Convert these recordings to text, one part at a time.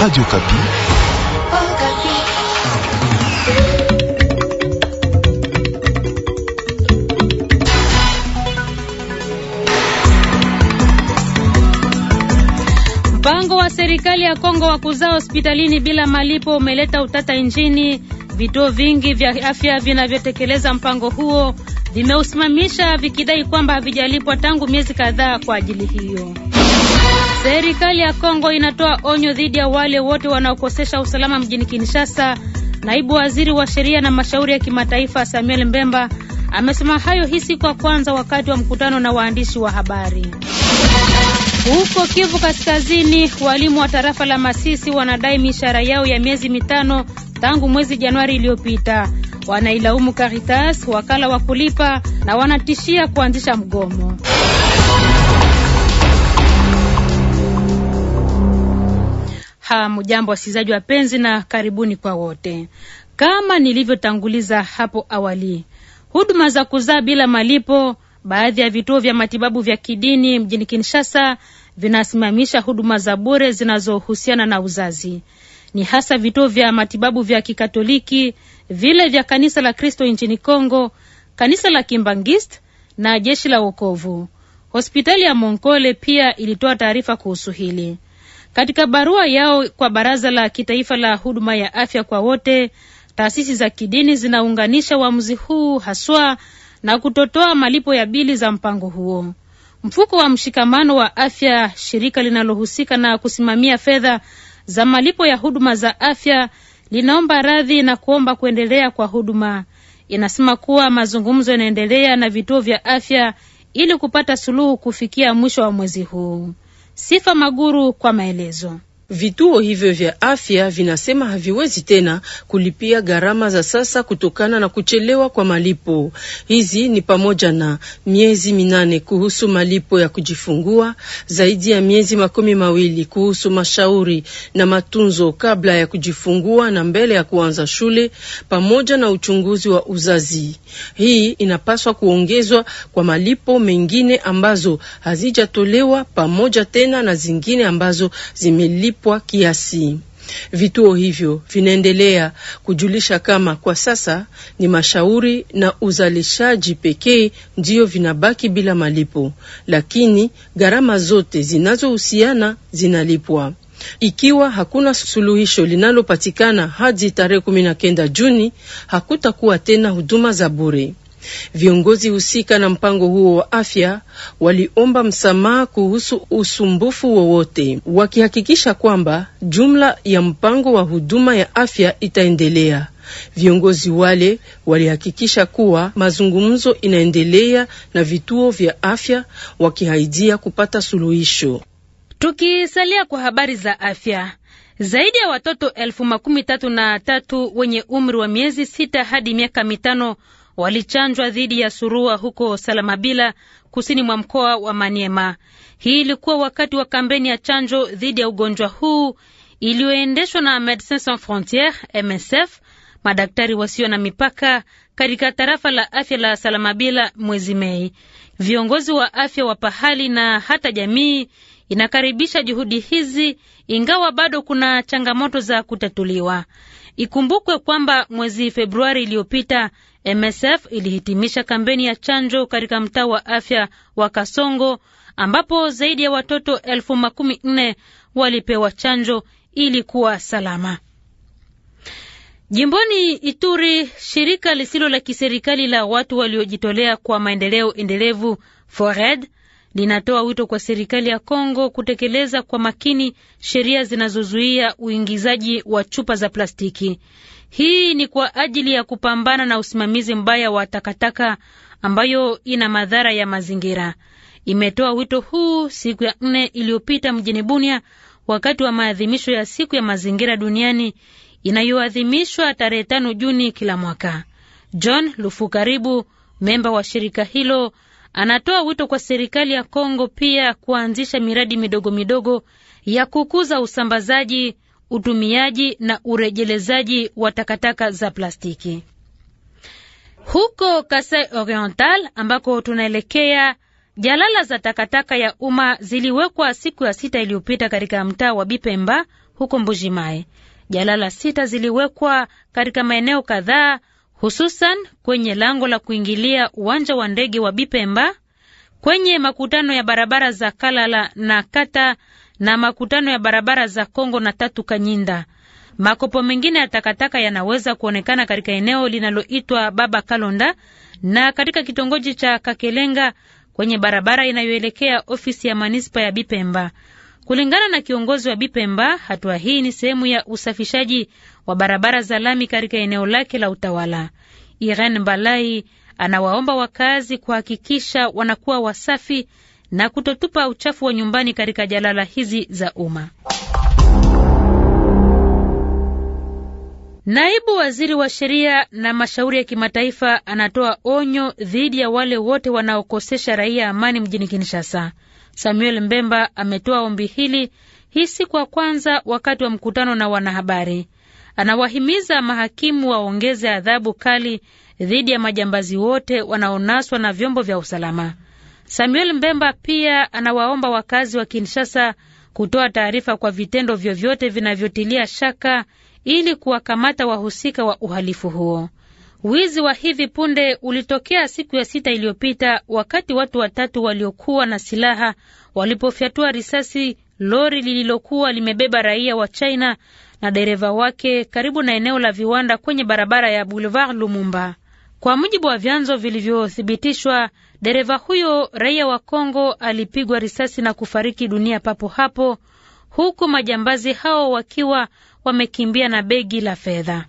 Radio Kapi. Mpango wa serikali ya Kongo wa kuzaa hospitalini bila malipo umeleta utata nchini. Vituo vingi vya afya vinavyotekeleza mpango huo vimeusimamisha vikidai kwamba havijalipwa tangu miezi kadhaa kwa ajili hiyo. Serikali ya Kongo inatoa onyo dhidi ya wale wote wanaokosesha usalama mjini Kinshasa. Naibu waziri wa sheria na mashauri ya kimataifa Samuel Mbemba amesema hayo hii siku ya kwanza wakati wa mkutano na waandishi wa habari. Huko Kivu Kaskazini, walimu wa tarafa la Masisi wanadai mishahara yao ya miezi mitano tangu mwezi Januari iliyopita. Wanailaumu Caritas, wakala wa kulipa, na wanatishia kuanzisha mgomo. Hamujambo wasikilizaji wapenzi, na karibuni kwa wote. Kama nilivyotanguliza hapo awali, huduma za kuzaa bila malipo, baadhi ya vituo vya matibabu vya kidini mjini Kinshasa vinasimamisha huduma za bure zinazohusiana na uzazi. Ni hasa vituo vya matibabu vya Kikatoliki, vile vya kanisa la Kristo nchini Kongo, kanisa la Kimbangist na jeshi la wokovu. Hospitali ya Monkole pia ilitoa taarifa kuhusu hili. Katika barua yao kwa Baraza la Kitaifa la Huduma ya Afya kwa Wote, taasisi za kidini zinaunganisha uamuzi huu haswa na kutotoa malipo ya bili za mpango huo. Mfuko wa mshikamano wa afya, shirika linalohusika na kusimamia fedha za malipo ya huduma za afya, linaomba radhi na kuomba kuendelea kwa huduma. Inasema kuwa mazungumzo yanaendelea na vituo vya afya ili kupata suluhu kufikia mwisho wa mwezi huu. Sifa Maguru kwa maelezo. Vituo hivyo vya afya vinasema haviwezi tena kulipia gharama za sasa kutokana na kuchelewa kwa malipo. Hizi ni pamoja na miezi minane kuhusu malipo ya kujifungua, zaidi ya miezi makumi mawili kuhusu mashauri na matunzo kabla ya kujifungua na mbele ya kuanza shule, pamoja na uchunguzi wa uzazi. Hii inapaswa kuongezwa kwa malipo mengine ambazo hazijatolewa pamoja tena na zingine ambazo zimelipa kulipwa kiasi. Vituo hivyo vinaendelea kujulisha kama kwa sasa ni mashauri na uzalishaji pekee ndiyo vinabaki bila malipo, lakini gharama zote zinazohusiana zinalipwa. Ikiwa hakuna suluhisho linalopatikana hadi tarehe kumi na kenda Juni, hakutakuwa tena huduma za bure. Viongozi husika na mpango huo wa afya waliomba msamaha kuhusu usumbufu wowote, wakihakikisha kwamba jumla ya mpango wa huduma ya afya itaendelea. Viongozi wale walihakikisha kuwa mazungumzo inaendelea na vituo vya afya, wakihaidia kupata suluhisho. Tukisalia kwa habari za afya, zaidi ya watoto elfu makumi tatu na tatu wenye umri wa miezi sita hadi miaka mitano walichanjwa dhidi ya surua huko Salamabila, kusini mwa mkoa wa Maniema. Hii ilikuwa wakati wa kampeni ya chanjo dhidi ya ugonjwa huu iliyoendeshwa na Medecins Sans Frontieres MSF, madaktari wasio na mipaka katika tarafa la afya la Salamabila mwezi Mei. Viongozi wa afya wa pahali na hata jamii inakaribisha juhudi hizi, ingawa bado kuna changamoto za kutatuliwa. Ikumbukwe kwamba mwezi Februari iliyopita MSF ilihitimisha kampeni ya chanjo katika mtaa wa afya wa Kasongo ambapo zaidi ya watoto elfu makumi nne walipewa chanjo ili kuwa salama. Jimboni Ituri, shirika lisilo la kiserikali la watu waliojitolea kwa maendeleo endelevu FORED linatoa wito kwa serikali ya Kongo kutekeleza kwa makini sheria zinazozuia uingizaji wa chupa za plastiki. Hii ni kwa ajili ya kupambana na usimamizi mbaya wa takataka ambayo ina madhara ya mazingira. Imetoa wito huu siku ya nne iliyopita mjini Bunia wakati wa maadhimisho ya siku ya mazingira duniani inayoadhimishwa tarehe tano Juni kila mwaka. John Lufu Karibu, memba wa shirika hilo Anatoa wito kwa serikali ya Kongo pia kuanzisha miradi midogo midogo ya kukuza usambazaji, utumiaji na urejelezaji wa takataka za plastiki. Huko Kasai Oriental ambako tunaelekea, jalala za takataka ya umma ziliwekwa siku ya sita iliyopita katika mtaa wa Bipemba huko Mbujimae. Jalala sita ziliwekwa katika maeneo kadhaa hususan kwenye lango la kuingilia uwanja wa ndege wa Bipemba, kwenye makutano ya barabara za Kalala na Kata na makutano ya barabara za Kongo na Tatu Kanyinda. Makopo mengine ya takataka yanaweza kuonekana katika eneo linaloitwa Baba Kalonda na katika kitongoji cha Kakelenga kwenye barabara inayoelekea ofisi ya manispa ya Bipemba. Kulingana na kiongozi wa Bipemba, hatua hii ni sehemu ya usafishaji wa barabara za lami katika eneo lake la utawala. Irene Mbalai anawaomba wakazi kuhakikisha wanakuwa wasafi na kutotupa uchafu wa nyumbani katika jalala hizi za umma. Naibu waziri wa sheria na mashauri ya kimataifa anatoa onyo dhidi ya wale wote wanaokosesha raia amani mjini Kinshasa. Samuel Mbemba ametoa ombi hili hii siku ya kwanza wakati wa mkutano na wanahabari. Anawahimiza mahakimu waongeze adhabu kali dhidi ya majambazi wote wanaonaswa na vyombo vya usalama. Samuel Mbemba pia anawaomba wakazi wa Kinshasa kutoa taarifa kwa vitendo vyovyote vinavyotilia shaka ili kuwakamata wahusika wa uhalifu huo. Wizi wa hivi punde ulitokea siku ya sita iliyopita wakati watu watatu waliokuwa na silaha walipofyatua risasi lori lililokuwa limebeba raia wa China na dereva wake karibu na eneo la viwanda kwenye barabara ya Boulevard Lumumba. Kwa mujibu wa vyanzo vilivyothibitishwa, dereva huyo raia wa Kongo alipigwa risasi na kufariki dunia papo hapo, huku majambazi hao wakiwa wamekimbia na begi la fedha.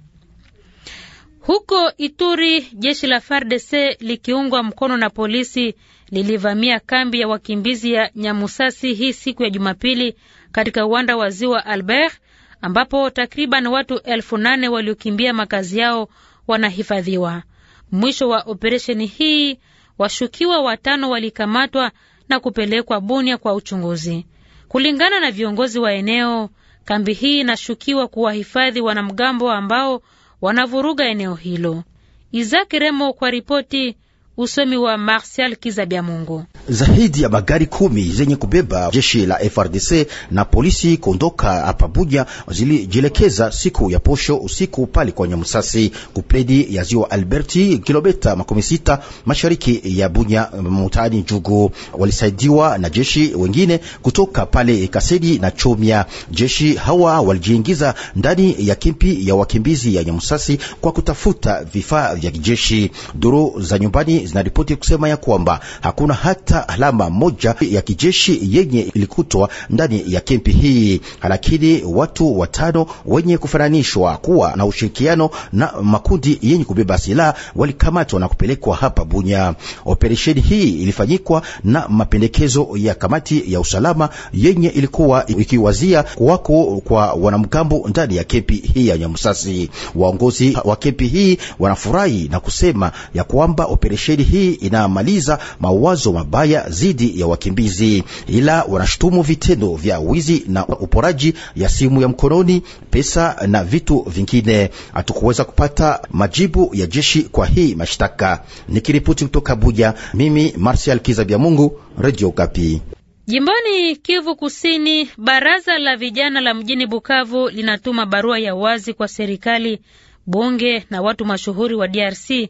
Huko Ituri, jeshi la FARDC likiungwa mkono na polisi lilivamia kambi ya wakimbizi ya Nyamusasi hii siku ya Jumapili katika uwanda wa ziwa Albert ambapo takriban watu elfu nane waliokimbia makazi yao wanahifadhiwa. Mwisho wa operesheni hii, washukiwa watano walikamatwa na kupelekwa Bunia kwa uchunguzi. Kulingana na viongozi wa eneo, kambi hii inashukiwa kuwahifadhi wanamgambo ambao wanavuruga eneo hilo. Izaki Remo kwa ripoti Usomi wa Martial Kizabia Mungu. Zaidi ya magari kumi zenye kubeba jeshi la FRDC na polisi kuondoka hapa Buja zilijielekeza siku ya posho usiku pale kwenye nyamusasi kupledi ya ziwa Alberti, kilomita makumi sita mashariki ya Bunya mutani Jugu. Walisaidiwa na jeshi wengine kutoka pale Kasedi na Chomia. Jeshi hawa walijiingiza ndani ya kimpi ya wakimbizi ya Nyamusasi kwa kutafuta vifaa vya kijeshi. Duru za nyumbani zinaripoti kusema ya kwamba hakuna hata alama moja ya kijeshi yenye ilikutwa ndani ya kempi hii, lakini watu watano wenye kufananishwa kuwa na ushirikiano na makundi yenye kubeba silaha walikamatwa na kupelekwa hapa Bunya. Operesheni hii ilifanyikwa na mapendekezo ya kamati ya usalama yenye ilikuwa ikiwazia kuwako kwa wanamgambo ndani ya kempi hii ya Nyamusasi. Waongozi wa kempi hii wanafurahi na kusema ya kwamba operesheni operesheni hii inamaliza mawazo mabaya dhidi ya wakimbizi, ila wanashutumu vitendo vya wizi na uporaji ya simu ya mkononi, pesa na vitu vingine. Hatukuweza kupata majibu ya jeshi kwa hii mashtaka. Nikiripoti kutoka Buja, mimi Martial Mungu, Radio Kapi. Jimboni Kivu Kusini, baraza la vijana la mjini Bukavu linatuma barua ya wazi kwa serikali, bunge na watu mashuhuri wa DRC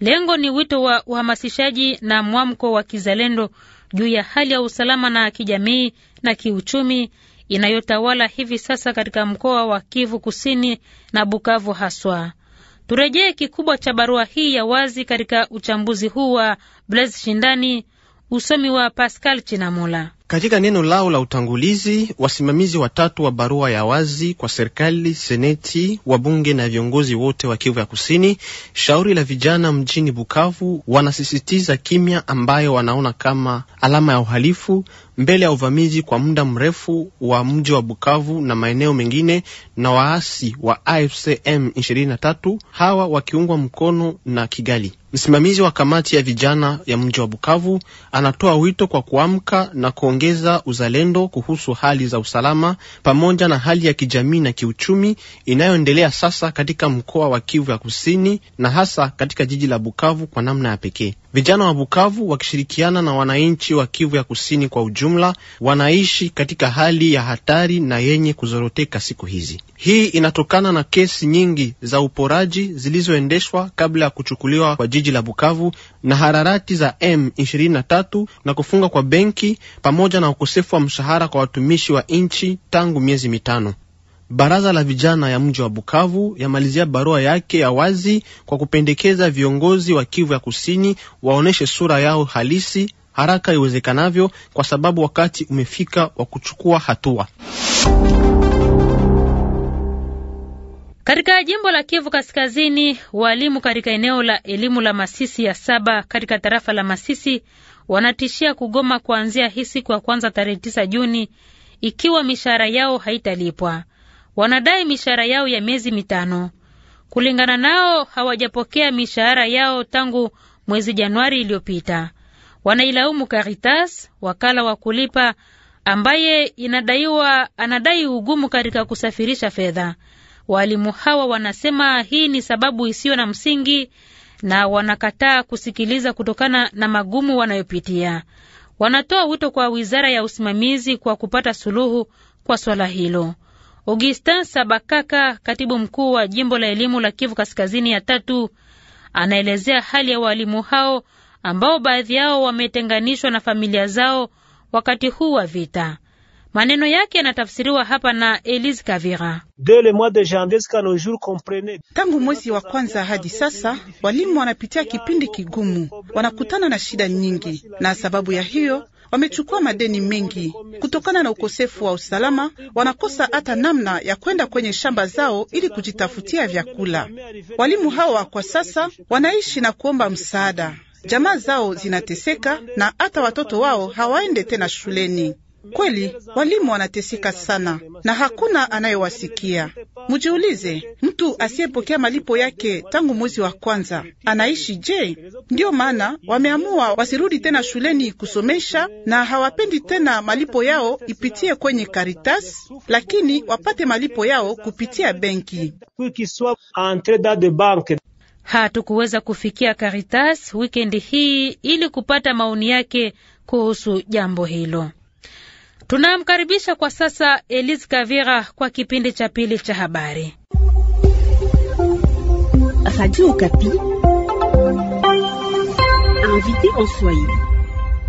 Lengo ni wito wa uhamasishaji na mwamko wa kizalendo juu ya hali ya usalama na kijamii na kiuchumi inayotawala hivi sasa katika mkoa wa Kivu Kusini na Bukavu haswa. Turejee kikubwa cha barua hii ya wazi katika uchambuzi huu wa Blaise Shindani, usomi wa Pascal chinamula katika neno lao la utangulizi, wasimamizi watatu wa barua ya wazi kwa serikali, seneti, wabunge na viongozi wote wa Kivu ya Kusini, shauri la vijana mjini Bukavu, wanasisitiza kimya ambayo wanaona kama alama ya uhalifu, mbele ya uvamizi kwa muda mrefu wa mji wa Bukavu na maeneo mengine na waasi wa AFC M23, hawa wakiungwa mkono na Kigali. Msimamizi wa kamati ya vijana ya mji wa Bukavu anatoa wito kwa kuamka na kuongeza uzalendo kuhusu hali za usalama pamoja na hali ya kijamii na kiuchumi inayoendelea sasa katika mkoa wa Kivu ya Kusini na hasa katika jiji la Bukavu kwa namna ya pekee. Vijana wa Bukavu wakishirikiana na wananchi wa Kivu ya Kusini kwa ujumla wanaishi katika hali ya hatari na yenye kuzoroteka siku hizi. Hii inatokana na kesi nyingi za uporaji zilizoendeshwa kabla ya kuchukuliwa kwa jiji la Bukavu na hararati za M23 na kufungwa kwa benki pamoja na ukosefu wa mshahara kwa watumishi wa nchi tangu miezi mitano. Baraza la vijana ya mji wa Bukavu yamalizia barua yake ya wazi kwa kupendekeza viongozi wa Kivu ya Kusini waonyeshe sura yao halisi haraka iwezekanavyo, kwa sababu wakati umefika wa kuchukua hatua. Katika jimbo la Kivu Kaskazini, walimu katika eneo la elimu la Masisi ya saba katika tarafa la Masisi wanatishia kugoma kuanzia hii siku ya kwanza tarehe 9 Juni ikiwa mishahara yao haitalipwa wanadai mishahara yao ya miezi mitano. Kulingana nao, hawajapokea mishahara yao tangu mwezi Januari iliyopita. Wanailaumu Caritas, wakala wa kulipa ambaye inadaiwa anadai ugumu katika kusafirisha fedha. Waalimu hawa wanasema hii ni sababu isiyo na msingi na wanakataa kusikiliza kutokana na magumu wanayopitia. Wanatoa wito kwa wizara ya usimamizi kwa kupata suluhu kwa swala hilo. Augustin Sabakaka, katibu mkuu wa jimbo la elimu la Kivu Kaskazini ya tatu, anaelezea hali ya waalimu hao ambao baadhi yao wametenganishwa na familia zao wakati huu wa vita. Maneno yake yanatafsiriwa hapa na Elise Kavira. Tangu mwezi wa kwanza hadi sasa, walimu wanapitia kipindi kigumu, wanakutana na shida nyingi, na sababu ya hiyo wamechukua madeni mengi kutokana na ukosefu wa usalama. Wanakosa hata namna ya kwenda kwenye shamba zao ili kujitafutia vyakula. Walimu hawa kwa sasa wanaishi na kuomba msaada, jamaa zao zinateseka na hata watoto wao hawaende tena shuleni. Kweli walimu wanateseka sana na hakuna anayewasikia. Mjiulize, mtu asiyepokea malipo yake tangu mwezi wa kwanza anaishi je? Ndiyo maana wameamua wasirudi tena shuleni kusomesha, na hawapendi tena malipo yao ipitie kwenye Karitas, lakini wapate malipo yao kupitia benki. Hatukuweza kufikia Karitas wikendi hii ili kupata maoni yake kuhusu jambo hilo. Tunamkaribisha kwa sasa Elise Kavira kwa kipindi cha pili cha habari.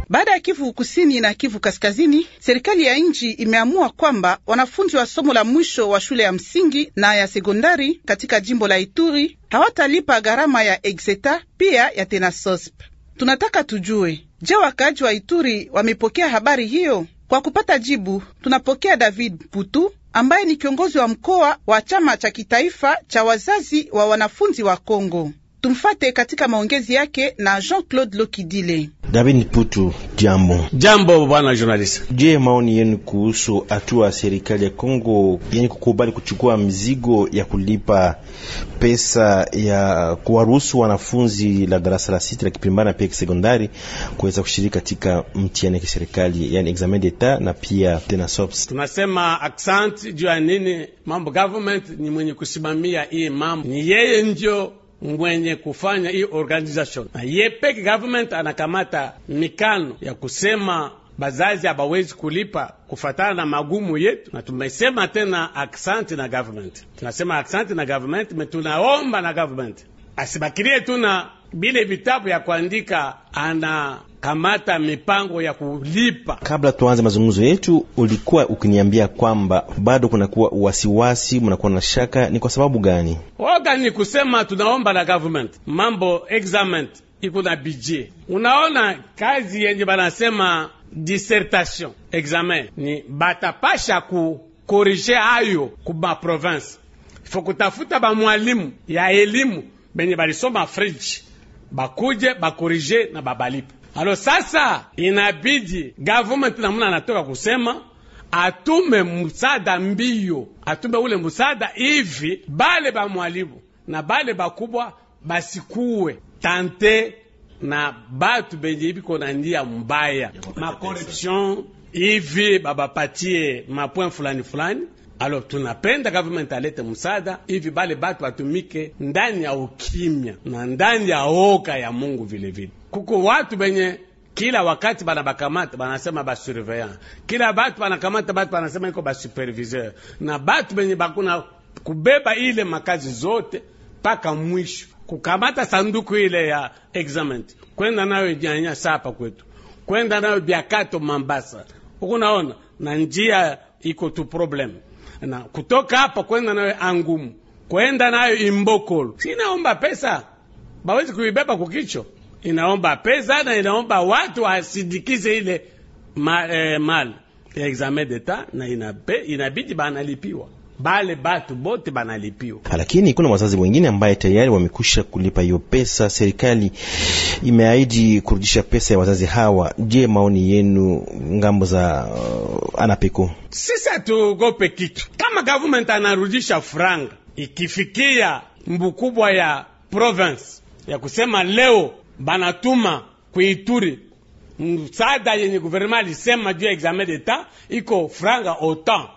Baada ya Kivu kusini na Kivu kaskazini, serikali ya nchi imeamua kwamba wanafunzi wa somo la mwisho wa shule ya msingi na ya sekondari katika jimbo la Ituri hawatalipa gharama ya exeta pia ya tenasosp. Tunataka tujue, je, wakaaji wa Ituri wamepokea habari hiyo? Kwa kupata jibu, tunapokea David Putu ambaye ni kiongozi wa mkoa wa chama cha kitaifa cha wazazi wa wanafunzi wa Kongo. Tumfate katika maongezi yake na Jean-Claude Lokidile. David Putu, jambo. Jambo bwana journalist. Je, maoni yenu kuhusu hatua ya serikali ya Kongo yani kukubali kuchukua mzigo ya kulipa pesa ya kuwaruhusu wanafunzi la darasa la sita la kipimbana pia kisekondari kuweza kushiriki katika mtihani ya kiserikali yani examen d'etat na pia tena SOPS. Tunasema accent juu ya nini? Mambo government ni mwenye kusimamia hii mambo, ni yeye ndio mwenye kufanya hiyo organization na ye peke government anakamata mikano ya kusema bazazi abawezi kulipa kufatana na magumu yetu, na tumesema tena aksanti na government, tunasema aksanti na government, metunaomba na government asibakirie tuna bile vitabu ya kuandika ana kamata mipango ya kulipa. Kabla tuanze mazungumzo yetu, ulikuwa ukiniambia kwamba bado kunakuwa wasiwasi, mnakuwa na shaka, ni kwa sababu gani? Oga ni kusema tunaomba na government mambo examen iko na budget. Unaona kazi yenye banasema dissertation examen ni batapasha kukorije ayo kuma province, ifo kutafuta bamwalimu ya elimu benye balisoma fridge bakuje bakorije na babalipa Alo sasa inabidi government namuna anatoka kusema atume musada mbio, atume ule musada hivi bale ba mwalimu na bale bakubwa basikuwe tante na batu benye ibiko na ndia mbaya corruption hivi babapatie point fulani fulani Alors tunapenda government alete msaada hivi, bale batu batumike ndani ya ukimya na ndani ya oka ya Mungu. Vilevile kuko watu benye kila wakati banabakamata banasema basurveillant, kila batu banakamata batu banasema iko basuperviseur, na batu benye bakuna kubeba ile makazi zote mpaka mwisho, kukamata sanduku ile ya examen, kwenda nayo nyanya sapa kwetu, kwenda nayo biakato Mambasa, ukunaona na njia iko tu probleme na kutoka hapa kwenda nayo Angumu, kwenda nayo Imbokolo, sinaomba pesa, bawezi kuibeba kukicho, inaomba pesa na inaomba watu wasidikize ile ma, eh, mali ya examen d'etat na inabidi ina banalipiwa bale batu bote banalipiwa, lakini kuna wazazi wengine ambaye tayari wamekwisha kulipa hiyo pesa. Serikali imeahidi kurudisha pesa ya wazazi hawa. Je, maoni yenu ngambo za uh, anapeko? Sisi hatuogope kitu, kama government anarudisha franga ikifikia mbukubwa ya province ya kusema leo banatuma kuituri msaada yenye guvernema alisema juu ya examen d'etat iko franga autant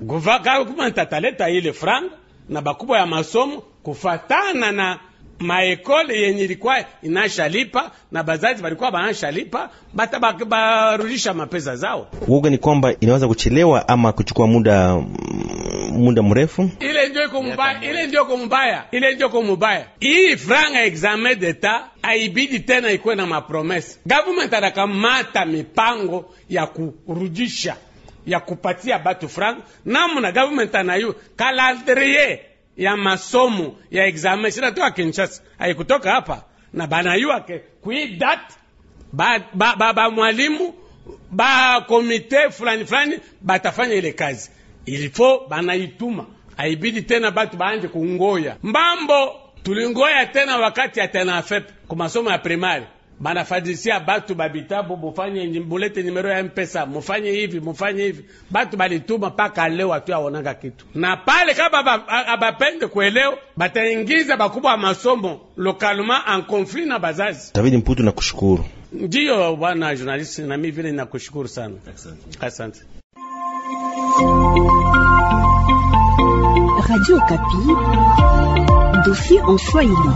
government ataleta ile franga na bakubwa ya masomo kufatana na maekole yenye ilikuwa inashalipa na bazazi walikuwa banashalipa, batabarudisha mapesa zao. Woga ni kwamba inaweza kuchelewa ama kuchukua muda mm, muda mrefu. Ile ndio iko mbaya, ile ndio iko mbaya, ile ndio iko mbaya. Hii franga examen d'etat aibidi tena ikuwe na mapromesa. Government anakamata mipango ya kurudisha ya kupatia batu franc namna government anayo kalandrie ya masomo ya examen sinatoka Kinshasa, haikutoka hapa na banayuake kuidat ba, ba, ba, ba mwalimu ba komite fulani fulani batafanya ile kazi ilifo banaituma, aibidi tena batu baanje kungoya mbambo tulingoya tena wakati ya tena afep kumasomo ya primari banafadisia batu babitabu, mufanye bulete nimero ya mpesa, mufanye hivi mufanye hivi. Batu balituma mpaka leo watu awonaga kitu na pale. Kama abapende kuelewa, bataingiza bakubwa wa masomo lokaluma en conflit na bazazi. David Mputu, nakushukuru. Ndiyo bwana journalist, mimi vile nakushukuru sana, asante. Radio Kapi, dossier en Swahili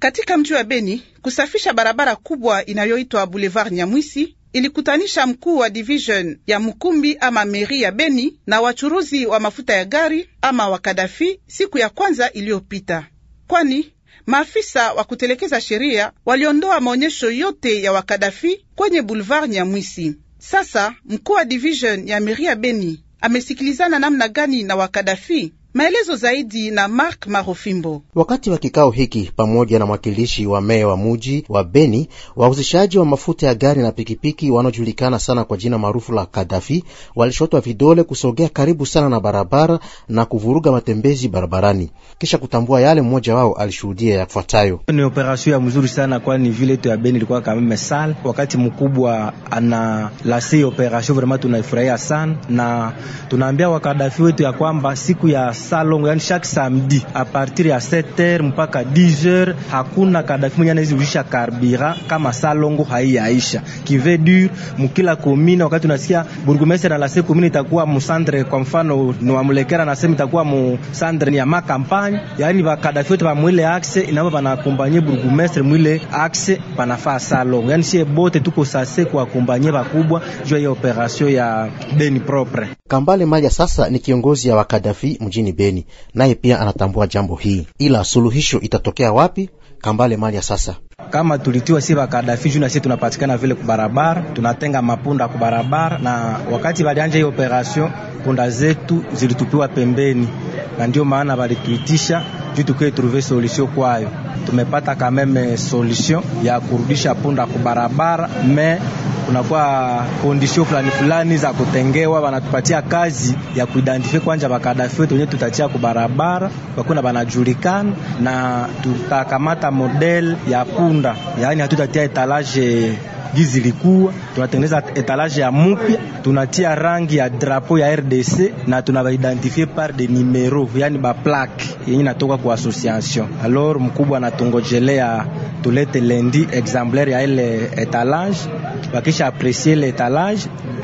katika mji wa Beni kusafisha barabara kubwa inayoitwa Boulevard Nyamwisi ilikutanisha mkuu wa division ya Mkumbi ama meri ya Beni na wachuruzi wa mafuta ya gari ama wakadafi siku ya kwanza iliyopita, kwani maafisa wa kutelekeza sheria waliondoa maonyesho yote ya wakadafi kwenye Boulevard Nyamwisi. Sasa mkuu wa division ya meri ya Beni amesikilizana namna gani na wakadafi? Maelezo zaidi na Mark Marofimbo. Wakati wa kikao hiki pamoja na mwakilishi wa meya wa muji wa Beni, wahusishaji wa mafuta ya gari na pikipiki wanaojulikana sana kwa jina maarufu la Kadafi walishotwa vidole kusogea karibu sana na barabara na kuvuruga matembezi barabarani. Kisha kutambua yale, mmoja wao alishuhudia yafuatayo: ni operasio ya mzuri sana, kwani vile yetu ya Beni ilikuwa kameme sal, wakati mkubwa ana lase operasio vrema, tunaifurahia sana na tunaambia wakadafi wetu ya kwamba siku ya salongo, yani chaque samedi a partir ya 7h mpaka 10h. Hakuna kadaki mwenye anazirudisha karbira kama salongo haiyaisha kivedu mukila komina. Wakati unasikia burgomestre anasema komina itakuwa msandre, kwa mfano ni wa Mulekera na anasema itakuwa msandre ya makampanya, yani ba bakadafi wote mwile axe inabo banakompanye burgomestre mwile axe banafaa salongo, yani sie bote tuko sase kuakompanye bakubwa juu ya operation ya deni propre. Kambale Maya sasa ni kiongozi ya wakadafi mjini mjini Beni, naye pia anatambua jambo hii, ila suluhisho itatokea wapi? Kambale mali ya sasa kama tulitiwa si bakadafi juu na sisi tunapatikana vile kubarabara, tunatenga mapunda kubarabara, na wakati walianja hiyo operation punda zetu zilitupiwa pembeni, na ndio maana walituitisha tukuye trouve solution kwayo. Tumepata kameme solution ya kurudisha punda kubarabara me kunakuwa kondisio fulani fulani za kutengewa, wanatupatia kazi ya kuidentifie kwanja bakadafi wetu wenye tutatia kubarabara bakuna banajulikana, na tutakamata model ya punda, yaani hatutatia etalage gizi ilikuwa tunatengeneza etalage ya mupya, tunatia rangi ya drapo ya RDC na tunabaidentifie par de numero, yani ba plaque yenye natoka kwa association. Alors mkubwa anatungojelea tulete lendi exemplaire ya ile etalage, wakisha apresie ile etalage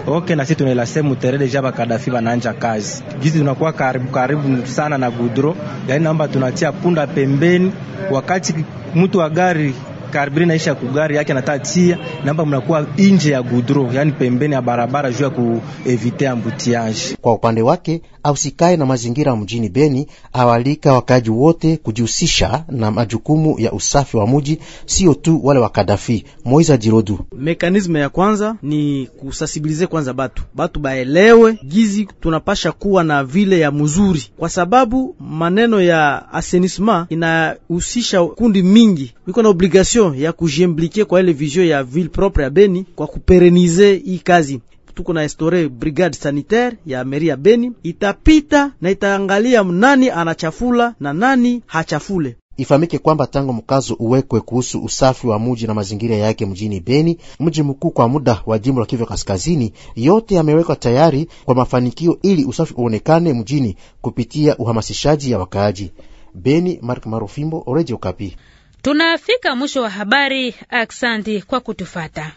okay, na sisi tunaela sehemu deja bakadafi bananja kazi gizi, tunakuwa karibu karibu sana na gudro, yani namba tunatia punda pembeni, wakati mtu wa gari karibiri naisha kugari yake anatatia namba, mnakuwa nje ya gudro, yani pembeni ya barabara juu ya kuevite ambutiage. Kwa upande wake ausikae na mazingira mjini Beni awalika wakaji wote kujihusisha na majukumu ya usafi wa muji, sio tu wale wa Kadafi. Moiza Jirodu, mekanizme ya kwanza ni kusasibilize kwanza batu batu baelewe gizi tunapasha kuwa na vile ya mzuri, kwa sababu maneno ya asenisma inahusisha kundi mingi, iko na obligation vision ya kujiimplike kwa ile vision ya ville propre ya Beni kwa kuperenize hii kazi tuko na restore brigade sanitaire ya meri ya Beni itapita na itaangalia nani anachafula na nani hachafule. Ifahamike kwamba tangu mkazo uwekwe kuhusu usafi wa muji na mazingira yake mjini Beni, mji mkuu kwa muda wa jimbo la Kivu Kaskazini, yote yamewekwa tayari kwa mafanikio ili usafi uonekane mjini kupitia uhamasishaji ya wakaaji Beni. Mark Marufimbo, Redio Okapi. Tunafika mwisho wa habari. Aksanti kwa kutufata.